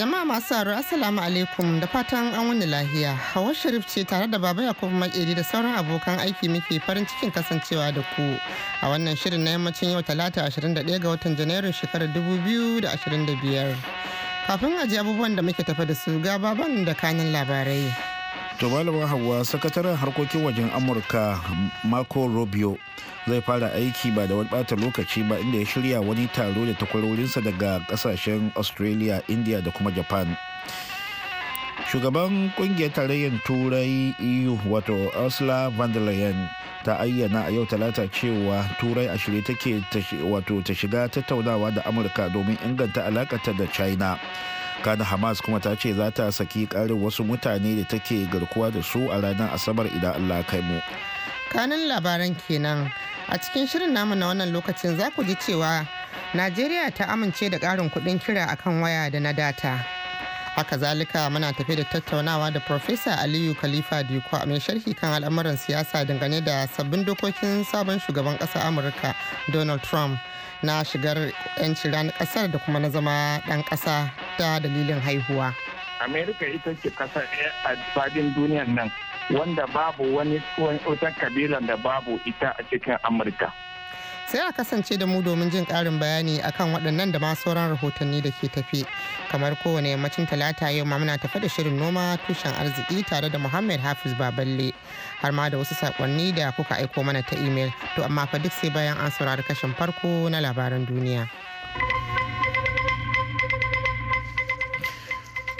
jama'a masu tsaro assalamu alaikum da fatan an wani lahiya hawa sharif ce tare da baba yakubu makeri da sauran abokan aiki muke farin cikin kasancewa da ku a wannan shirin na yammacin yau talata 21 ga watan janairun shekarar 2025 kafin aji abubuwan da muke tafa da su ga baban da kanin labarai to malamin hawa sakataren harkokin wajen amurka marco rubio zai fara aiki ba da wani bata lokaci ba inda ya shirya wani taro da takwarorinsa daga kasashen australia india da kuma japan shugaban kungiyar tarayyar turai eu wato ursula von der leyen ta ayyana a yau talata cewa turai a shirye take wato ta shiga tattaunawa da amurka domin inganta alakata da china kada hamas kuma ta ce za ta saki karin wasu mutane da take garkuwa da su a ranar asabar idan allah kai mu kanin labaran kenan a cikin shirin namu na wannan lokacin za ku ji cewa najeriya ta amince da karin kudin kira akan waya da na data haka zalika muna tafi da tattaunawa da Profesa aliyu khalifa diko mai sharhi kan al'amuran siyasa dangane da sabbin dokokin sabon shugaban ƙasa amurka donald trump na shigar 'yanci ranar kasar da kuma na zama dan kasa ta dalilin haihuwa. Amerika ita ce kasar a fadin duniyan nan wanda babu wani wata kabilan da babu ita a cikin amurka sai a kasance da mu domin jin karin bayani akan waɗannan da ma sauran rahotanni da ke tafi kamar kowane yammacin talata yau ma muna tafe da shirin noma tushen arziki tare da muhammad hafiz baballe har ma da wasu sakonni da kuka aiko mana ta imel to amma fa duk sai bayan an saurari kashin farko na labaran duniya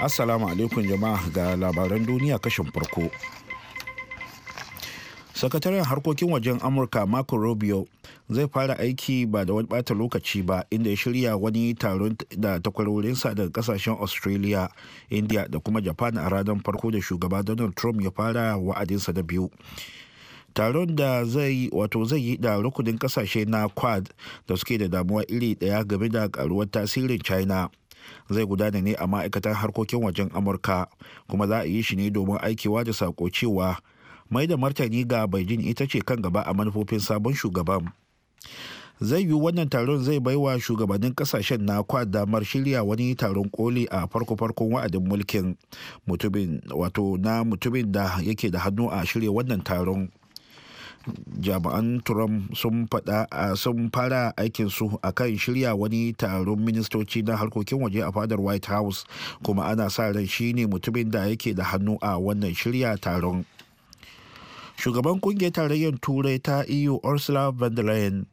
assalamu alaikum jama'a ga labaran duniya kashin farko sakataren harkokin wajen amurka marco rubio zai fara aiki ba da wani bata lokaci ba inda ya shirya wani taron da takwarorinsa daga kasashen australia india da kuma japan a ranar farko da shugaba donald trump ya fara wa'adinsa da biyu taron da zai wato zai yi da rukunin kasashe na quad da suke da damuwa iri daya game da karuwar tasirin china zai gudana ne a ma'aikatan harkokin wajen amurka kuma za a yi shi ne domin aikewa da sako cewa mai da martani ga beijing ita ce kan gaba a manufofin sabon shugaban zai yi wannan taron zai baiwa shugabannin kasashen na kwa damar shirya wani taron koli a farko-farkon wa'adin mulkin mutumin wato na mutumin da yake da hannu a shirya wannan taron jami'an trump sun fada sun fara aikinsu a kan shirya wani taron ministoci na harkokin waje a fadar white house kuma ana sa ran shine mutumin da yake da hannu a wannan shirya taron shugaban kungiyar tarayyar turai ta eu ursula von der leyen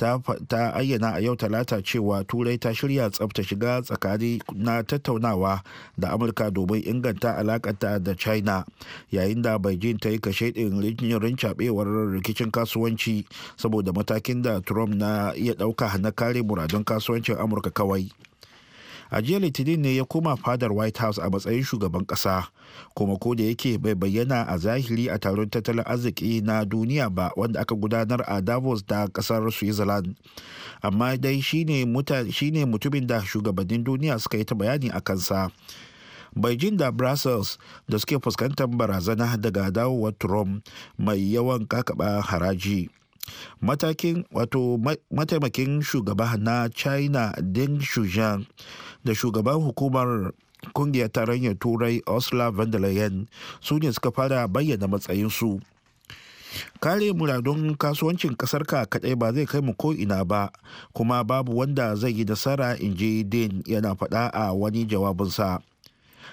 ta ayyana a yau talata cewa turai ta shirya tsabta shiga tsakani na tattaunawa da amurka domin inganta alakata da china yayin da beijing ta yi kashe ɗin cabewar rikicin kasuwanci saboda matakin da trump na iya ɗauka na kare muradun kasuwancin amurka kawai a jiya litinin ne ya koma fadar white house a matsayin shugaban kasa kuma ko da yake bai bayyana a zahiri a taron tattalin arziki na duniya ba wanda aka gudanar a davos da kasar switzerland amma dai shine mutumin da shugabannin duniya suka yi ta bayani a kansa beijing da brussels da suke fuskantar barazana daga dawowar trump mai yawan kakaba haraji matakin wato mataimakin shugaba na china deng shujang da shugaban hukumar kungiyar tarayyar turai ursula von leyen su ne suka fara bayyana matsayinsu kare muradun kasuwancin ka kadai ba zai kai mu ko ina ba kuma babu wanda zai yi nasara in je den yana fada a wani jawabinsa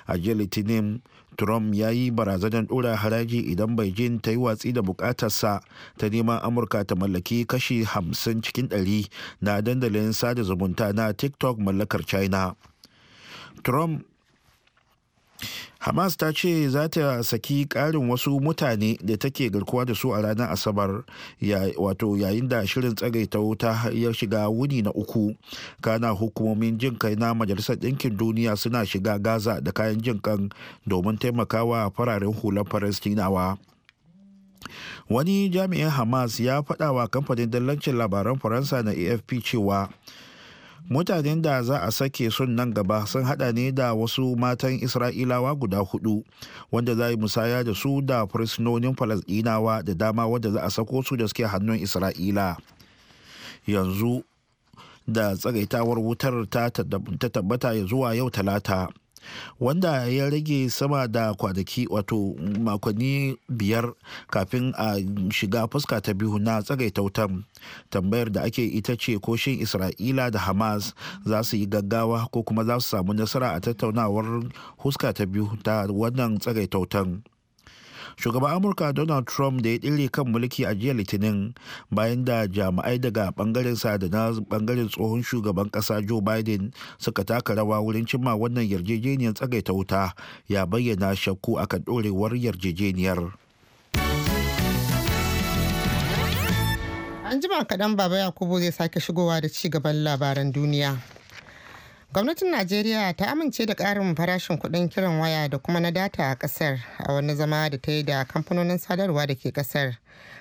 a jiya litinin Trump ya yi barazanar ɗora haraji idan Beijing ta yi watsi da bukatarsa ta neman Amurka ta mallaki kashi 50 cikin ɗari na dandalin sada zumunta na TikTok mallakar China. Trump hamas ta ce za ta saki karin wasu mutane da take garkuwa da su a ranar asabar wato yayin da shirin tsagaita wuta ya shiga wuni na uku kana hukumomin jin kai na majalisar ɗinkin duniya suna shiga gaza da kayan jin kan domin taimakawa fararen hular farastinawa wani jami'in hamas ya faɗa wa kamfanin dallancin labaran faransa na afp cewa mutanen da za a sake sun nan gaba sun hada ne da wasu matan isra'ilawa guda hudu wanda za yi musaya da su da fursunonin falasdinawa da dama wanda za a sako su da suke hannun isra'ila yanzu da tsagaitawar wutar ta tabbata ya zuwa yau talata wanda ya rage sama da kwanaki wato makonni biyar kafin a shiga fuska ta biyu na tsagaita tautan tambayar da ake ita ce ko shin isra'ila da hamas za su yi gaggawa ko kuma za su samu nasara a tattaunawar fuska ta biyu ta wannan tsagaita wutan shugaban amurka donald trump da ya ɗire kan mulki a jiya litinin bayan da jami'ai daga sa da na ɓangaren tsohon shugaban ƙasa joe biden suka taka rawa wurin cimma wannan yarjejeniyar tsagaita wuta ya bayyana shakku akan ɗorewar yarjejeniyar an jima kaɗan baba yakubu zai sake shigowa da ci gaban labaran duniya gwamnatin najeriya ta amince da ƙarin farashin kuɗin kiran waya da kuma na data a kasar a wani zama da ta yi da kamfanonin sadarwa da ke kasar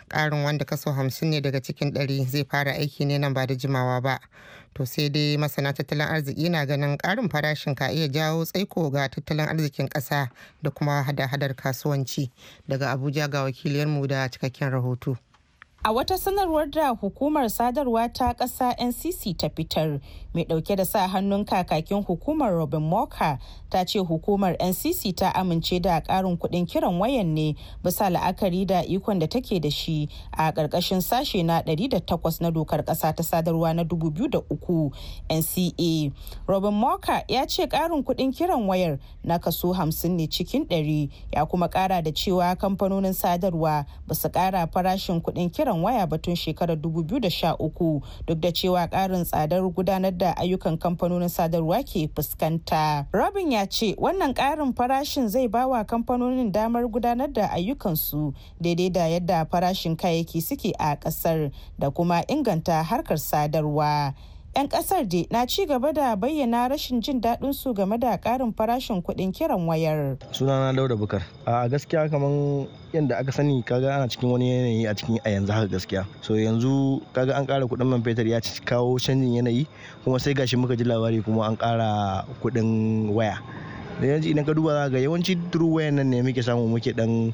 karin wanda kaso hamsin ne daga cikin ɗari zai fara aiki ne nan ba da jimawa ba to sai dai masana tattalin arziki na ganin ƙarin farashin ka iya jawo tsaiko ga tattalin arzikin ƙasa da kuma hada-hadar kasuwanci daga abuja ga wakiliyarmu da cikakken rahoto A wata sanarwar da hukumar sadarwa ta ƙasa NCC ta fitar mai ɗauke da sa hannun kakakin hukumar Robin Moka ta ce hukumar NCC ta amince da ƙarin kuɗin kiran wayan ne bisa la'akari da ikon da take da shi a ƙarƙashin sashe na 108 na dokar ƙasa ta sadarwa na 2003 NCA. Robin Moka ya ce ƙarin kuɗin kiran wayar na kaso 50 ne cikin 100 ya kuma ƙara da cewa kamfanonin sadarwa ba ƙara farashin kuɗin kiran kiran waya batun shekarar 2013 duk da cewa karin tsadar gudanar da ayyukan kamfanonin sadarwa ke fuskanta. Robin ya ce wannan karin farashin zai ba wa kamfanonin damar gudanar da ayyukansu daidai da yadda farashin kayayyaki suke a kasar da kuma inganta harkar sadarwa. 'yan kasar da na ci gaba da bayyana rashin jin daɗin su game da ƙarin farashin kuɗin kiran wayar. sunana laura bukar a gaskiya kamar yadda aka sani kaga ana cikin wani yanayi a cikin a yanzu haka gaskiya so yanzu kaga an ƙara kuɗin man fetur ya kawo canjin yanayi kuma sai gashi muka ji labari kuma an ƙara kuɗin waya da yanzu idan ka duba ga yawanci turu wayan nan ne muke samu muke dan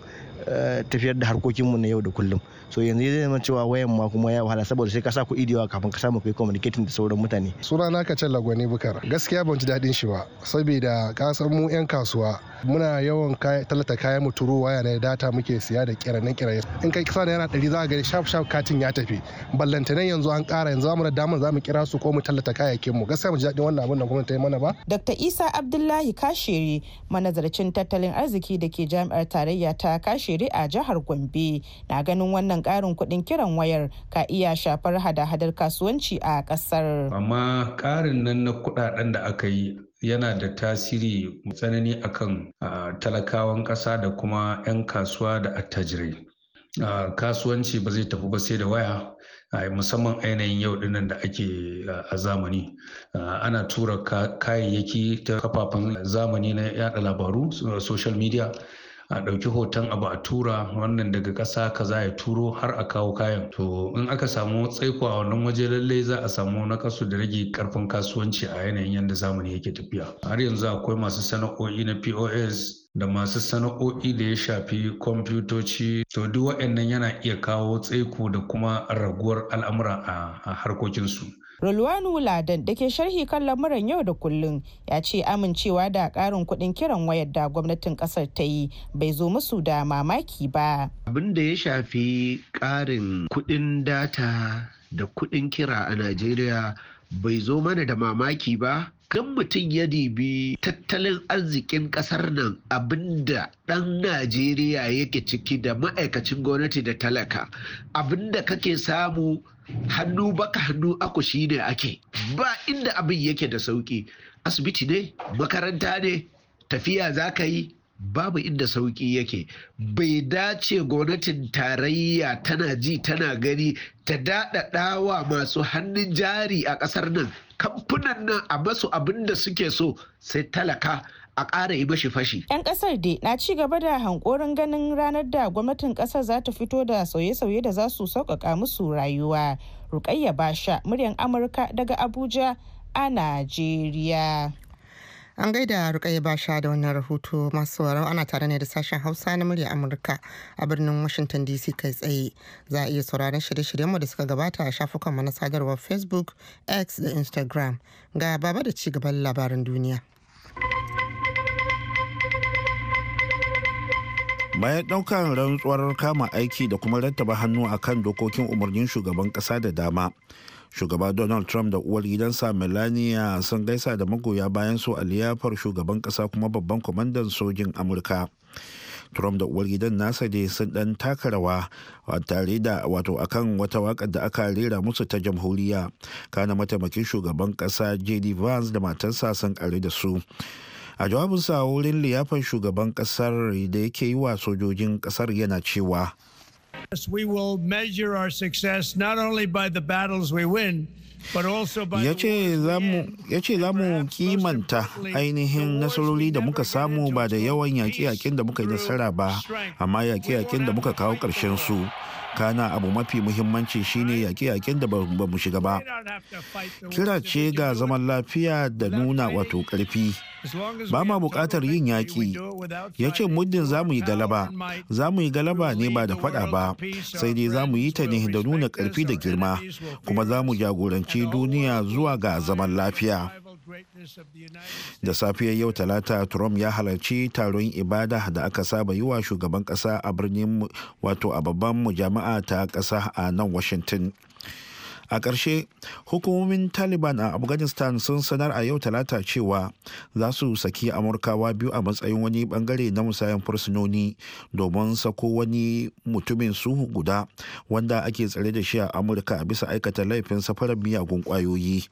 Eh, tafiyar da harkokin mu na yau da kullum so yanzu zai zama cewa wayan ma kuma ya wahala saboda sai ka sa kuɗi idiwa kafin ka samu kai communicating da sauran mutane suna na ka challa gwani bukar gaskiya ban ji daɗin shi ba saboda ka mu yan kasuwa muna yawan talata kayan mu turo waya na data muke siya da kiranen kiran in kai kisa da yana dari za ka gani shaf shaf katin ya tafi ballantanen yanzu an kara yanzu za mu da damar za mu kira su ko mu tallata kayayyakin mu gaskiya ban ji daɗin wannan abin da gwamnati ta yi mana ba Dr. Isa Abdullahi Kashiri manazarcin tattalin arziki da ke jami'ar tarayya ta Kashiri a jihar Gombe na ganin wannan karin kudin kiran wayar ka iya shafar hada-hadar kasuwanci a kasar. Amma ƙarin nan na kuɗaɗen da aka yi yana da tasiri tsanani akan talakawan ƙasa da kuma 'yan kasuwa da attajirai. Kasuwanci ba zai tafi ba sai da waya. musamman ainihin yau dinnan da ake a zamani ana tura kayayyaki ta kafafen zamani na yada labaru social media a ɗauki hoton abu a tura wannan daga ƙasa ka za ya turo har a kawo kayan to in aka samu tsaiko a wannan waje lallai za a samu na kasu da rage karfin kasuwanci a yanayin yadda zamani yake tafiya har yanzu akwai masu sana'o'i na pos da masu sana'o'i da ya shafi kwamfutoci to duk waɗannan yana iya kawo tsaiko da kuma raguwar al'amura a harkokinsu Rulwanu Ladan da ke sharhi kan lamuran yau da kullun ya ce amincewa da ƙarin kuɗin kiran wayar da gwamnatin ƙasar ta yi bai zo musu da mamaki ba. Abin da ya shafi ƙarin kuɗin data da kuɗin kira a Najeriya bai zo mana da mamaki ba idan mutum ya dibi tattalin arzikin kasar nan abinda dan najeriya yake ciki da ma'aikacin gwamnati da talaka abinda kake samu hannu baka hannu aku shi ne ake ba inda abin yake da sauki asibiti ne makaranta ne tafiya za ka yi babu inda sauƙi yake bai dace gwamnatin tarayya tana ji tana gani ta daɗaɗa wa masu hannun jari a ƙasar nan kamfunan nan a masu abin da suke so sai talaka a ƙara yi mashi fashi. 'Yan ƙasar dai na ci gaba da hankorin ganin ranar da gwamnatin ƙasar za ta fito da sauye-sauye da za su sauƙaƙa musu rayuwa. Rukayya Basha, muryan Amurka daga Abuja a Najeriya. An gaida ba sha da wannan rahoto masu sauraro ana tare ne da sashen Hausa na murya Amurka a birnin Washington DC kai tsaye. Za a iya sauraron shirye-shiryenmu da suka gabata a shafukanmu na sadarwar Facebook, X da Instagram. Ga baba da ci gaban labaran duniya. bayan ɗaukar rantsuwar kama aiki da kuma rattaba hannu akan dokokin umarnin shugaban ƙasa da dama shugaba donald trump da uwar gidansa melania sun gaisa da magoya bayan su a liyafar shugaban kasa kuma babban kwamandan sojin amurka trump da uwar gidan nasa dai sun dan taka rawa tare da wato akan wata wakar da aka rera musu ta jamhuriya kana mataimakin shugaban kasa jd vance da matarsa sun kare da su a jawabinsa wurin liyafar shugaban kasar da yake yi wa sojojin kasar yana cewa will our success only the win Ya ce za mu kimanta ainihin nasarori da muka samu ba da yawan yaƙe-yaƙen da muka yi nasara ba, amma yaƙe-yaƙen da muka kawo ƙarshen su. kana abu mafi muhimmanci shine yaƙe-yaƙen da ba mu shiga ba kira ce ga zaman lafiya da nuna wato ƙarfi ba ma buƙatar yin yaƙi ya ce muddin za mu yi galaba za mu yi galaba ne ba da faɗa ba sai dai za mu yi ta ne da nuna ƙarfi da girma kuma za mu jagoranci duniya zuwa ga zaman lafiya Da safiyar yau talata Trump ya halarci taron ibada da aka saba yi wa shugaban kasa a birnin wato a babban jama'a ta kasa a nan Washington. a ƙarshe hukumomin taliban a afghanistan sun sanar a yau talata cewa za su saki amurkawa biyu a matsayin wani bangare na musayan fursunoni domin sako wani mutumin su guda wanda ake tsare da shi a amurka bisa aikata laifin safarar miyagun kwayoyi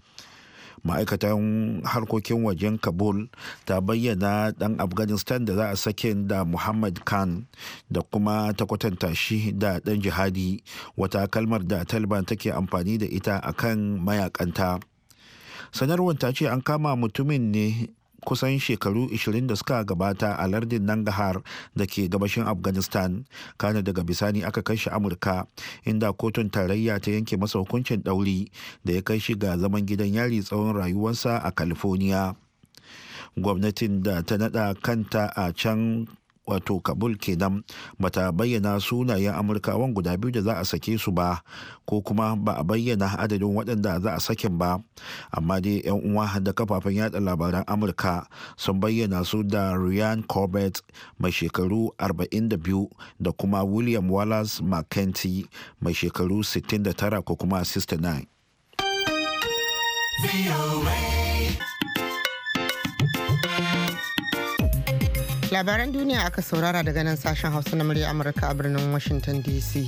ma'aikatan harkokin wajen kabul ta bayyana dan afghanistan da za a sake da muhammad khan da kuma ta kwatanta shi da dan jihadi wata kalmar da taliban take amfani da ita akan mayakanta sanarwar ta ce an kama mutumin ne kusan shekaru 20 da suka gabata a lardin nangahar da ke gabashin afghanistan kana daga bisani aka kai shi amurka inda kotun tarayya ta yanke masa hukuncin ɗauri da ya kai shi ga zaman gidan yari tsawon rayuwarsa a california gwamnatin da ta nada kanta a can wato kabul kenan bata bayyana sunayen amurkawan guda biyu da za a sake su ba ko kuma ba a bayyana adadin waɗanda za a sakin ba amma dai 'yan uwa da kafafen yada labaran amurka sun bayyana su da ryan corbett mai shekaru 42 da kuma william wallace mckenty mai shekaru 69 ko kuma 69 labaran duniya aka saurara daga nan sashen hausa na murya amurka a birnin washington dc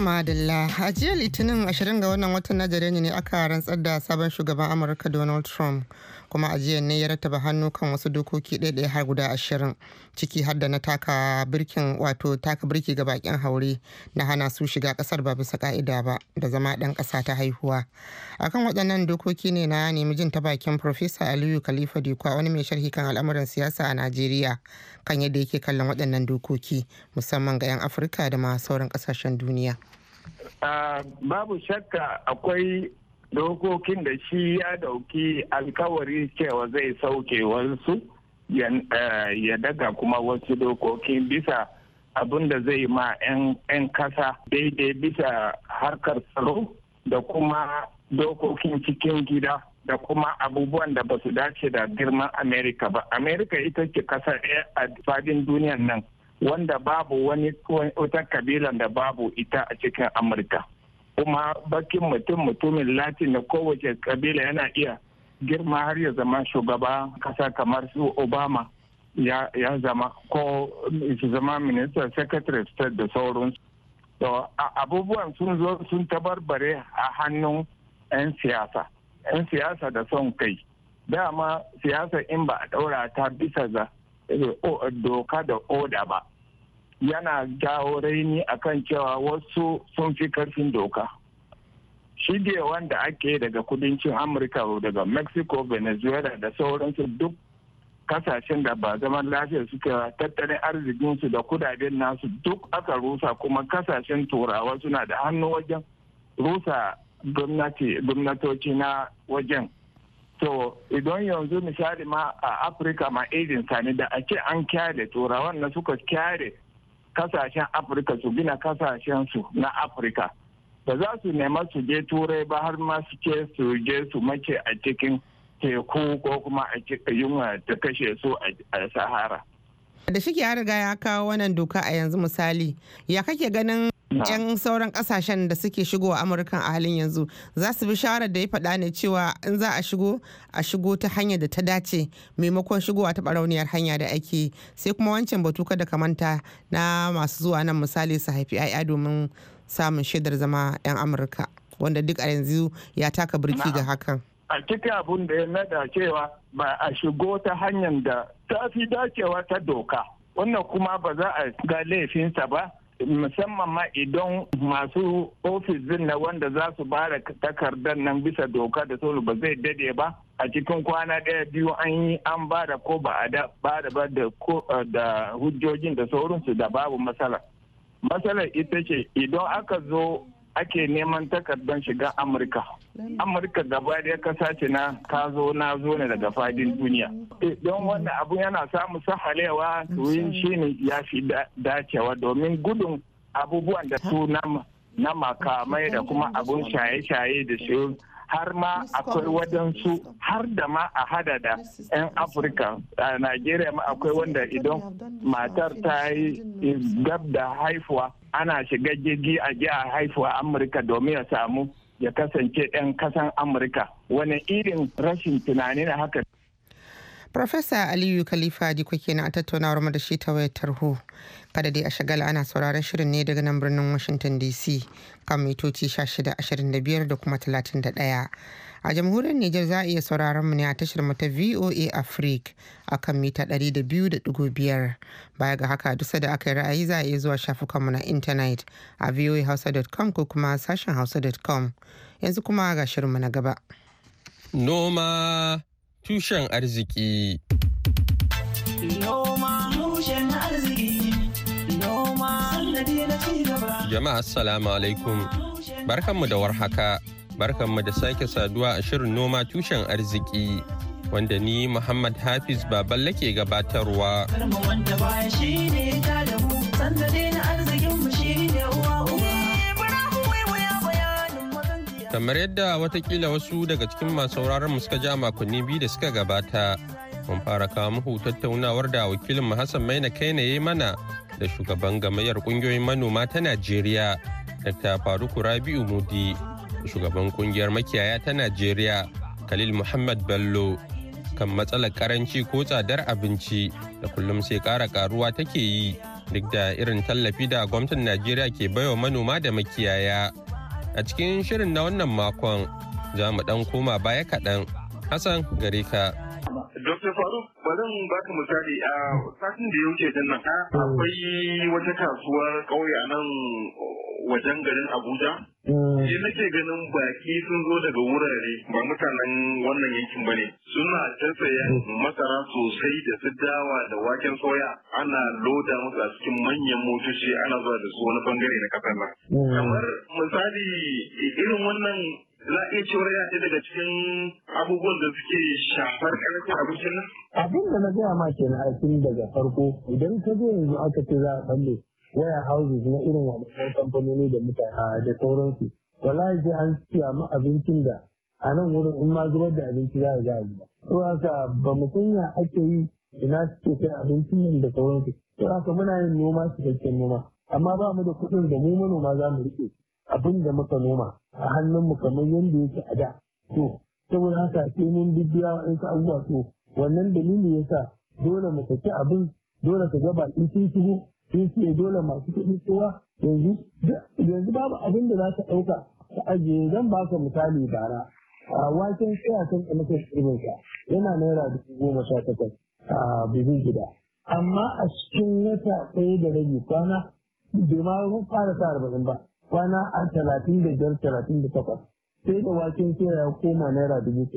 madalla a jiya litinin 20 ga wannan watan na ne aka rantsar da sabon shugaban amurka donald trump kuma a jiya ne ya rattaba hannu kan wasu dokoki ɗaiɗaya har guda ashirin ciki har da na taka birkin wato taka birki ga bakin haure na hana su shiga kasar ba bisa ka'ida ba da zama ɗan ƙasa ta haihuwa akan waɗannan dokoki ne na nemi jin ta bakin Profesa Aliyu Khalifa Dikwa wani mai sharhi kan al'amuran siyasa a Najeriya kan yadda yake kallon waɗannan dokoki musamman ga 'yan Afirka da ma sauran ƙasashen duniya. Ah, babu shakka akwai dokokin da shi ya dauki alkawari cewa zai sauke wasu ya eh, daga kuma wasu dokokin bisa abin da zai ma 'yan kasa daidai bisa harkar tsaro da kuma dokokin cikin gida da kuma abubuwan da ba su dace da girman amerika ba amerika ita ce kasa ɗaya a fadin duniyan nan wanda babu wani wata kabilan da babu ita a cikin amurka kuma bakin mutum mutumin latin da kowace kabila yana iya girma har ya zama shugaba kasa kamar su obama ya zama ko su zama minista secretary state da sauransu to abubuwan sun zo sun tabarbare a hannun 'yan siyasa 'yan siyasa da son kai dama siyasa in ba a daura ta bisa ga eh, doka da oda ba yana jawo raini a kan cewa wasu sun fi karfin doka shige wanda ake daga kudancin amurka daga mexico venezuela da sauransu duk kasashen da ba zaman lafiya wa tattalin arzikinsu da kudaden nasu duk aka rusa kuma kasashen turawa suna da hannu wajen rusa gwamnatoci na wajen so idan yanzu misali ma a afirka ma irin sani da ake an kyale turawan na suka kyale kasashen afirka su gina kasashen su na afirka ba za su nema su je turai ba har ma su ce su je su mace a cikin teku ko kuma a cikin yunwa ta kashe su a sahara da shike ya riga ya kawo wannan doka a yanzu misali ya kake ganin 'yan sauran kasashen da suke shigowa amurka a halin yanzu za su bi shawarar da ya faɗa ne cewa in za a shigo a shigo ta hanyar da ta dace maimakon shigowa ta barauniyar hanya da ake sai kuma wancan batu kada ka manta na masu zuwa nan misali su haifi 'ya'ya domin samun shaidar zama 'yan amurka wanda duk a yanzu ya taka birki ga hakan a cikin abun da ya nada cewa ba a shigo ta hanyar da ta fi dacewa ta doka wannan kuma ba za a ga laifinsa ba musamman ma idan masu ofis din na wanda za su bada takardar nan bisa doka da solo ba zai dade ba a cikin kwana daya biyu an yi an bada ko ba a da ba da eh, hujjojin da saurinsu da babu matsala matsalar ita ce idan aka zo ake neman takardar shiga amurka amurka gaba da kasa ce na ka zo na zo ne daga fadin duniya eh, don wannan abu yana samu sahalewa turin shi ne ya fi dacewa domin gudun abubuwan da su na makamai da kuma abun shaye-shaye da shi har ma akwai wadansu har da ma a hada da 'yan afirka a nigeria ma akwai wanda idan matar ta yi gab da haifuwa ana shiga jirgi a ji a haifuwa amurka domin ya samu ya kasance 'yan kasan amurka wani irin rashin tunani na haka Profesa Aliyu Khalifa Diko kenan a tattaunawar mu da shi ta wayar tarho. Kada dai a shagala ana sauraron shirin ne daga nan birnin Washington DC kan mitoci 1625 da kuma 31. A jamhuriyar Nijar za a iya sauraron mu ne a tashar mu ta VOA Africa a kan mita 200.5. Baya ga haka dusa da aka yi ra'ayi za a iya zuwa shafukanmu na intanet a voahausa.com ko kuma sashen hausa.com. Yanzu kuma ga shirin mu na gaba. Noma tushen arziki. Noma Jama'a assalamu alaikum. Barkanmu da warhaka. Barkanmu da sake saduwa a shirin noma tushen arziki. Wanda ni Muhammad Hafiz Baballe ke gabatarwa. wanda baya shi ne ta da mu, sanda na arziki. kamar yadda watakila wasu daga cikin masu sauraron suka ja makonni biyu da suka gabata mun fara kawo muku tattaunawar da wakilin mu hassan maina kaina ya mana da shugaban gamayyar kungiyoyin manoma ta najeriya dr faruku rabi'u mudi shugaban kungiyar makiyaya ta najeriya khalil muhammad bello kan matsalar karanci ko tsadar abinci da kullum sai kara karuwa take yi duk da irin tallafi da gwamnatin najeriya ke baiwa manoma da makiyaya a cikin shirin na wannan makon za mu ɗan koma baya kaɗan hassan gare ka Dr. Faruk, bari mu ka misali a satin da ya wuce din nan akwai wata kasuwar ƙauye a nan uh, wajen garin Abuja. Shi mm. nake ganin baki sun zo daga wurare ba mutanen wannan yankin ba ne. Suna ta masara sosai da su dawa da waken soya ana loda musu a cikin manyan motoci ana zuwa da su wani bangare na kafin nan. Mm. Kamar misali irin wannan za iya daga cikin abubuwan da suke shafar abincin nan? Abin da na gaya ma ke na daga farko idan ka zo yanzu aka ce za a waya houses na irin waɗannan kamfanoni da mutane da sauransu. Wallahi sai an siya ma abincin da a nan wurin in ma zubar da abinci za a ga a gida. To haka ba mu sanya ake yi ina suke kai abincin nan da sauransu. To haka muna yin noma cikakken noma. Amma ba mu da kuɗin da mu manoma za mu riƙe abin da muka noma. a hannunmu kamar yadda yake a da to saboda haka sai mun bibiya waɗansu abubuwa to wannan dalili yasa dole mu saki abin dole ka gaba baƙi sun shigo sun ce dole masu kuɗi kowa yanzu yanzu babu abin da za ka ɗauka ka ajiye zan baka misali bara a waken tsaya kan ƙamata irinsa yana naira dubu goma sha takwas a bugun gida amma a cikin wata ɗaya da rabi kwana bai ma fara sa arba'in ba kwana a talatin da biyar talatin da takwas sai da waken soya ya koma naira dubu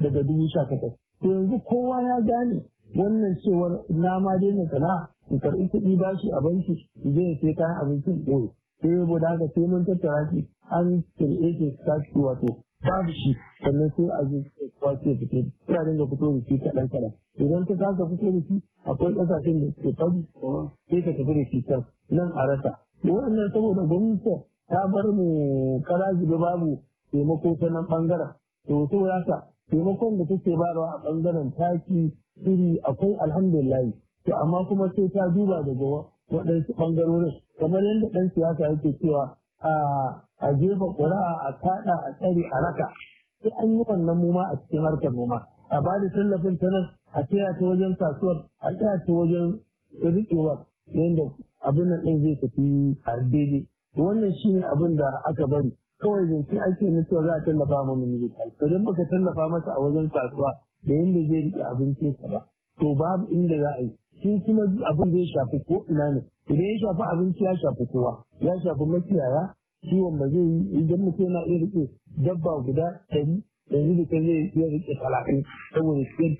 daga dubu sha takwas to yanzu kowa ya gane wannan cewar na ma daina sana'a in karɓi kuɗi bashi a banki in je sai kayan abincin ɓoye sai da haka sai mun tattara shi an kirɓe shi sashi wato babu shi sannan sai a zo kwace fito ina dinga fito da shi kaɗan kaɗan idan ta kasa fito da shi akwai ƙasashen da ke fadi sai ka tafi da shi can nan a rasa wannan saboda gwamnati ta bar mu kara zube babu taimako ta nan bangaren to taimakon da take barawa a bangaren taki iri akwai alhamdulillah to amma kuma sai ta duba daga waɗansu bangarorin kamar yadda ɗan siyasa yake cewa a jefa ƙuri'a a kaɗa a tsare a raka sai an yi wannan muma a cikin harkar noma a ba da tallafin ta nan a tsaya ta wajen kasuwar a tsaya ta wajen riƙewar yadda abin nan ɗin zai tafi a daidai wannan shi ne abin da aka bari kawai zance ake na cewa za a tallafa ma namiji to don baka tallafa masa a wajen kasuwa da yadda zai riƙe abincinsa ba to babu inda za a yi shi kuma abin zai shafi ko ina ne idan ya shafi abinci ya shafi kowa ya shafi makiyaya ciwon ba zai yi idan mutum yana iya rike dabba guda ɗari yanzu da kan zai iya riƙe talatin saboda cikin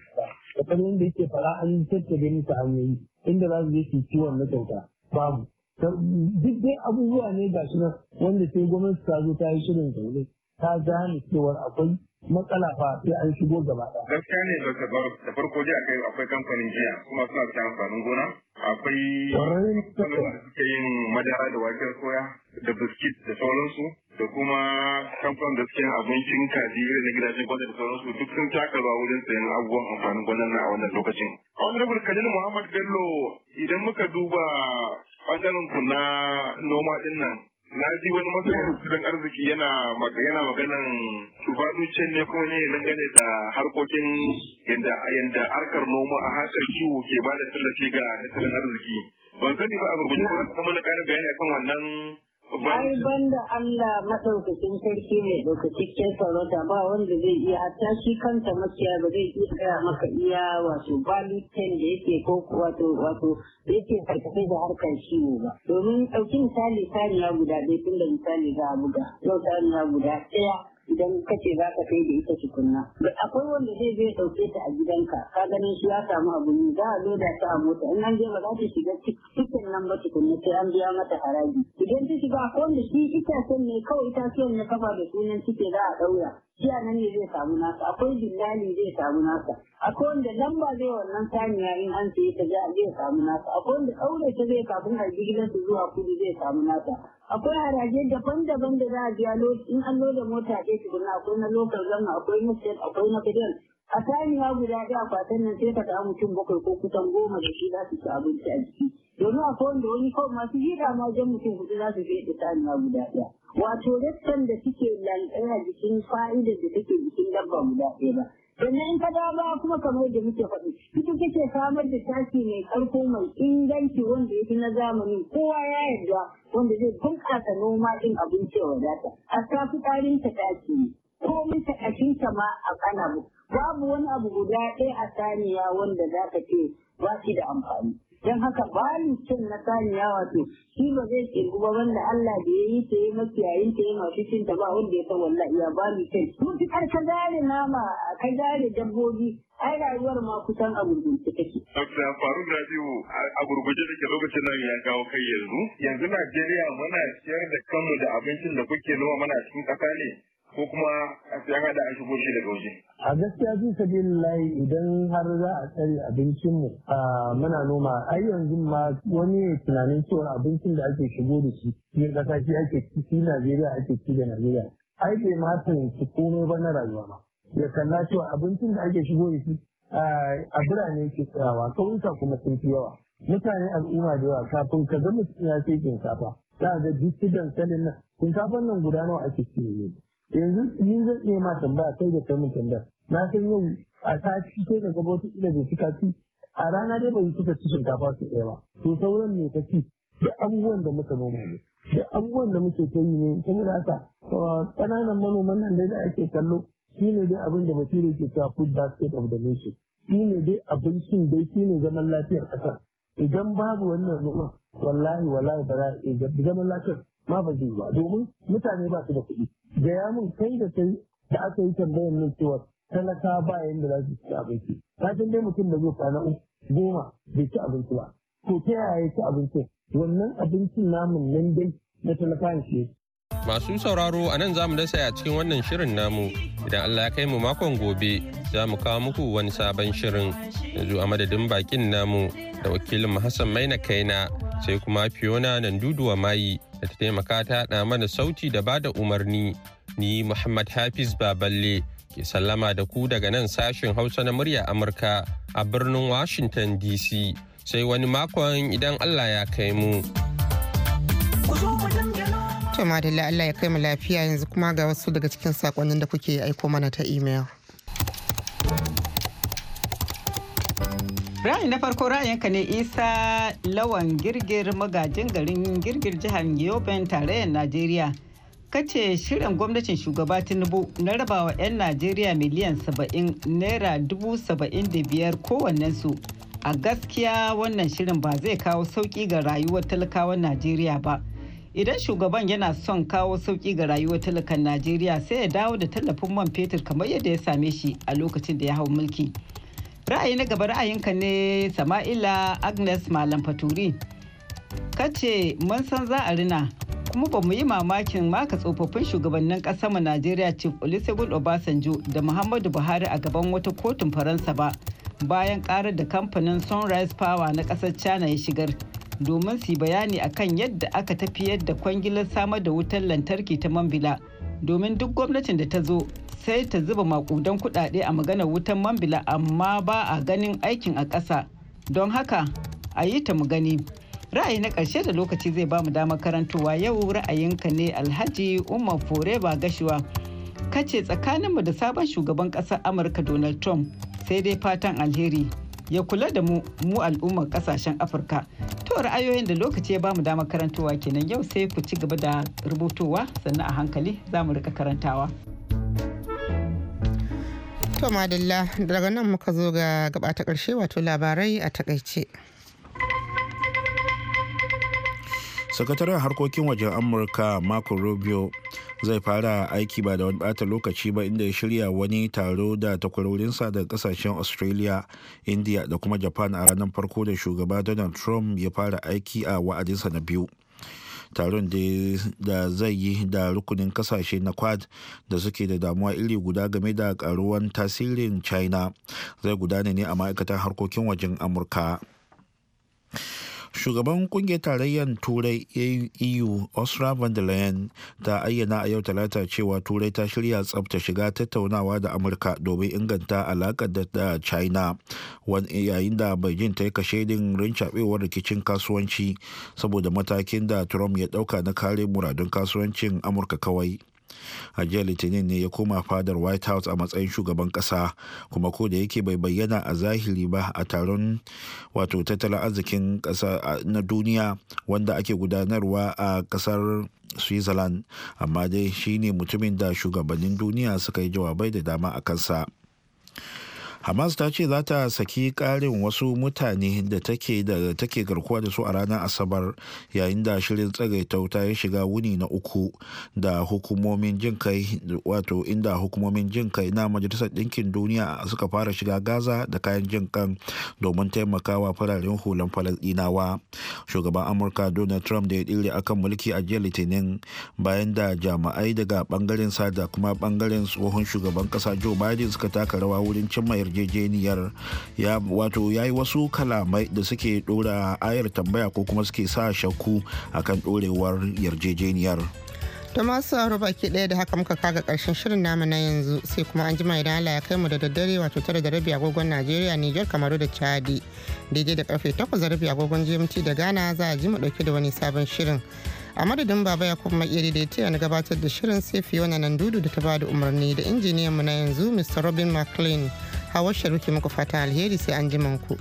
da kamar yadda yake fara an tattabe musu hanyoyi inda za su je su ciwon na kyauta babu duk dai abubuwa ne ga shi nan wanda sai gwamnati ta zo ta yi shirin zaune ta gane cewar akwai matsala fa sai an shigo gaba ɗaya. Gaskiya ne da farko dai akai akwai kamfanin jiya kuma suna cikin amfanin gona akwai kamfanin suke yin madara da waken soya da biskit da sauransu da kuma kamfanin da suke yin abincin kaji da gidajen gwada da sauransu duk sun taka zuwa wurin sayan abubuwan amfanin gonan na a wannan lokacin. A wannan Kalil Muhammad Bello idan muka duba banganan ku na noma ɗin nan na ji wani masanin tattalin arziki yana magana maganan tubaducin ne ko ne dangane da harkokin yadda yadda harkar noma a harkar kiwo ke ba da tallafi ga tattalin arziki ban sani ba a rubuce ko kuma na ƙarin bayani akan wannan Ai ban da Allah maɗaukakin sarki mai ɗauka cikin sarauta ba wanda zai iya hatta shi kanta maciya ba zai iya gaya maka iya wato balitan da yake ko wato wato da yake karkashin da harkar ciwo ba. Domin ɗauki misali saniya guda ɗaya tun da misali za a buga. Yau saniya guda ɗaya idan ka ce za ka kai da ita tukunna. Akwai wanda zai zai ɗauke ta a gidanka, ka ganin shi ya samu abu ne za a zo da ta a mota, in an je ba za ta shiga cikin nan ba tukunna sai an biya mata haraji. Idan ta shiga akwai wanda shi itacen ne kawai itacen na kafa da sunan cike za a ɗaura. jiya nan ne zai samu nasa akwai dillali zai samu nasa akwai wanda lamba zai wannan saniya in an sai ta zai samu nasa akwai wanda ɗaure ta zai kafin a gidan su zuwa kudu zai samu nasa akwai haraje daban-daban da za a biya in an loda mota ɗaya tukuna akwai na lokal gama akwai na state akwai na federal a saniya guda ɗaya kwatan nan sai ka samu mutum bakwai ko kusan goma da shi za su ci abinci a jiki domin akwai wanda wani kawai masu hira ma wajen mutum hudu za su fiye da saniya guda ɗaya wato rassan da suke a jikin fa'idar da take jikin dabba guda ɗaya ba sannan in ka ba kuma kamar da muke faɗi ita take samar da tashi mai ƙarko mai inganci wanda ya fi na zamani kowa ya yarda wanda zai bunƙasa noma ɗin abinci ya wadata a safi ƙarin ta tashi ne komin ta ta ma a ƙana babu wani abu guda ɗaya a saniya wanda za ka ce ba shi da amfani don haka cin na saniya wato shi ba zai kirgu ba wanda Allah da ya yi ta yi yayin ta yi masu cin ta ba wanda ya san wallahi ya balicin mutukar ka gare nama ka gare dabbobi ai rayuwar ma kusan a gurgunce take. Dr. Faruk biyu a gurguje da ke lokacin nan ya kawo kai yanzu yanzu Najeriya muna ciyar da kanmu da abincin da kuke noma muna cikin ƙasa ne ko kuma a hada an shigo shi daga A gaskiya zai sabi layi idan har za a tsare abincinmu a muna noma ai yanzu ma wani tunanin cewa abincin da ake shigo da shi ne kasashe ake ci Najeriya ake ci da Najeriya. Ai bai ma fahimci komai ba na rayuwa ba Ya kalla cewa abincin da ake shigo da shi a birane ke tsayawa kawunsa kuma sun fi yawa. Mutane al'umma da yawa kafin ka ga mutum ya ce kinkafa. Za a ga duk sanin nan. Shinkafan nan guda nawa ake ci ne. yanzu ni zan iya ma tambaya kai da kai mun tambaya na san yau a sati kai da gaba wata ila da suka ci a rana dai bai suka ci shinkafa su ɗaya ba to sauran ne ka ci da abubuwan da muka noma ne da abubuwan da muke ta yi ne saboda haka ƙananan manoman nan dai da ake kallo shi ne dai abin da bature ke cewa food basket of the nation shi ne dai abincin dai shi ne zaman lafiyar ƙasa idan babu wannan noma wallahi wallahi ba za a iya zaman lafiyar ma ba zai ba domin mutane ba su da kuɗi gaya mun kai da kai da aka yi tambayar nan cewa talaka ba yadda za su ci abinci ka san dai mutum da zai kwana goma bai ci abinci ba to ta yaya ya ci abinci wannan abincin namun nan dai na ya shi Masu sauraro a nan za mu dasa a cikin wannan shirin namu idan Allah ya kai mu makon gobe za mu kawo muku wani sabon shirin yanzu a madadin bakin namu da wakilin Hassan Maina Kaina sai kuma Fiona duduwa Mayi da ta taimaka ta haɗa mana sauti da bada umarni ni Muhammad Hafiz Baballe ke sallama da ku daga nan sashen Hausa na murya Amurka a birnin Washington DC sai wani makon idan Allah ya kai mu. To madalla Allah ya kai mu lafiya yanzu kuma ga wasu daga cikin sakonnin da kuke aiko mana ta imel. Ra'ayi na farko ra'ayinka ne Isa Lawan Girgir magajin garin Girgir jihar Yoben tarayyar Najeriya. Kace shirin gwamnatin shugaba Tinubu na rabawa 'yan Najeriya miliyan 70 naira dubu saba'in da 75,000 kowannensu. A gaskiya wannan shirin ba zai kawo sauki ga rayuwar talakawan Najeriya ba. Idan shugaban yana son kawo sauki ga rayuwar talakan Najeriya sai ya dawo da tallafin man fetur kamar yadda ya same shi a lokacin da ya hau mulki. Ra'ayi na gaba ra'ayinka ne Sama'ila Agnes Malam Faturi. Kace mun san za a rina kuma ba mu yi mamakin maka tsofaffin shugabannin mu Najeriya Chief Olusegun Obasanjo da Muhammadu Buhari a gaban wata kotun Faransa ba bayan karar da kamfanin Sunrise Power na ƙasar China ya shigar domin su yi bayani akan yadda aka tafiyar da kwangilar samar da wutar lantarki ta Mambila. domin duk gwamnatin da ta zo sai ta zuba makudan kudade a maganar wutan mambila amma ba a ganin aikin a ƙasa don haka a yi ta mu gani ra'ayi na ƙarshe da lokaci zai ba mu damar karantowa yau ra'ayinka ne alhaji umar ba gashuwa kace tsakaninmu da sabon shugaban ƙasar amurka donald trump sai dai fatan alheri ya kula da mu mu al'ummar ƙasashen afirka To ra'ayoyin da lokaci ya bamu damar karantowa kenan yau sai ku ci gaba da rubutuwa sannan a hankali za mu rika karantawa. To madalla daga nan muka zo ga gaba ta ƙarshe wato labarai a takaice. sakataren harkokin wajen amurka marco rubio zai fara aiki ba da wani bata lokaci ba inda ya shirya wani taro da takwarorinsa daga kasashen australia india da kuma japan a ranar farko da shugaba donald trump ya fara aiki a wa'adinsa na biyu taron da zai yi da rukunin kasashe na quad da suke da damuwa iri guda game da karuwan tasirin china zai gudana ne a ma'aikatan harkokin wajen amurka shugaban kungiyar tarayyar turai eu osra van der leyen ta ayyana a yau talata cewa turai ta shirya tsabta shiga tattaunawa da amurka domin inganta alaƙar da china yayin da beijing ta yi kashe din rincabewar rikicin kasuwanci saboda matakin da trump ya ɗauka na kare muradun kasuwancin amurka kawai a jiya litinin ne ya koma fadar white house a matsayin shugaban kasa kuma ko da yake bai bayyana a zahiri ba a taron wato tattalin arzikin kasa na duniya wanda ake gudanarwa a kasar switzerland amma dai shine mutumin da shugabannin duniya suka yi jawabai da dama a kansa hamas ta ce za ta saki karin wasu mutane da take da take garkuwa da su a ranar asabar yayin da shirin tsagaita wuta ya shiga wuni na uku da hukumomin jin kai wato inda hukumomin jin kai na majalisar ɗinkin duniya suka fara shiga gaza da kayan jin kan domin taimakawa fararen hulan falasɗinawa shugaban amurka donald trump da ya ɗire akan mulki a jiya litinin bayan da jami'ai daga bangaren sa da kuma bangaren tsohon shugaban ƙasa joe biden suka taka rawa wurin cimma yarjejeniyar ya wato ya yi wasu kalamai da suke dora ayar tambaya ko kuma suke sa shakku akan dorewar yarjejeniyar thomas masu ke baki ɗaya da haka muka kaga ƙarshen shirin namu na yanzu sai kuma an jima idan Allah ya kai mu da daddare wato tara da rabi agogon Najeriya niger Kamaru da Chadi daidai da karfe takwas da rabi agogon GMT da Ghana za a ji mu ɗauki da wani sabon shirin a madadin baba ya kuma iya da ya na gabatar da shirin sai Fiona dudu da ta bada umarni da injiniyan mu na yanzu Mr. Robin McLean. hawar sharuki muku fata alheri sai an ku.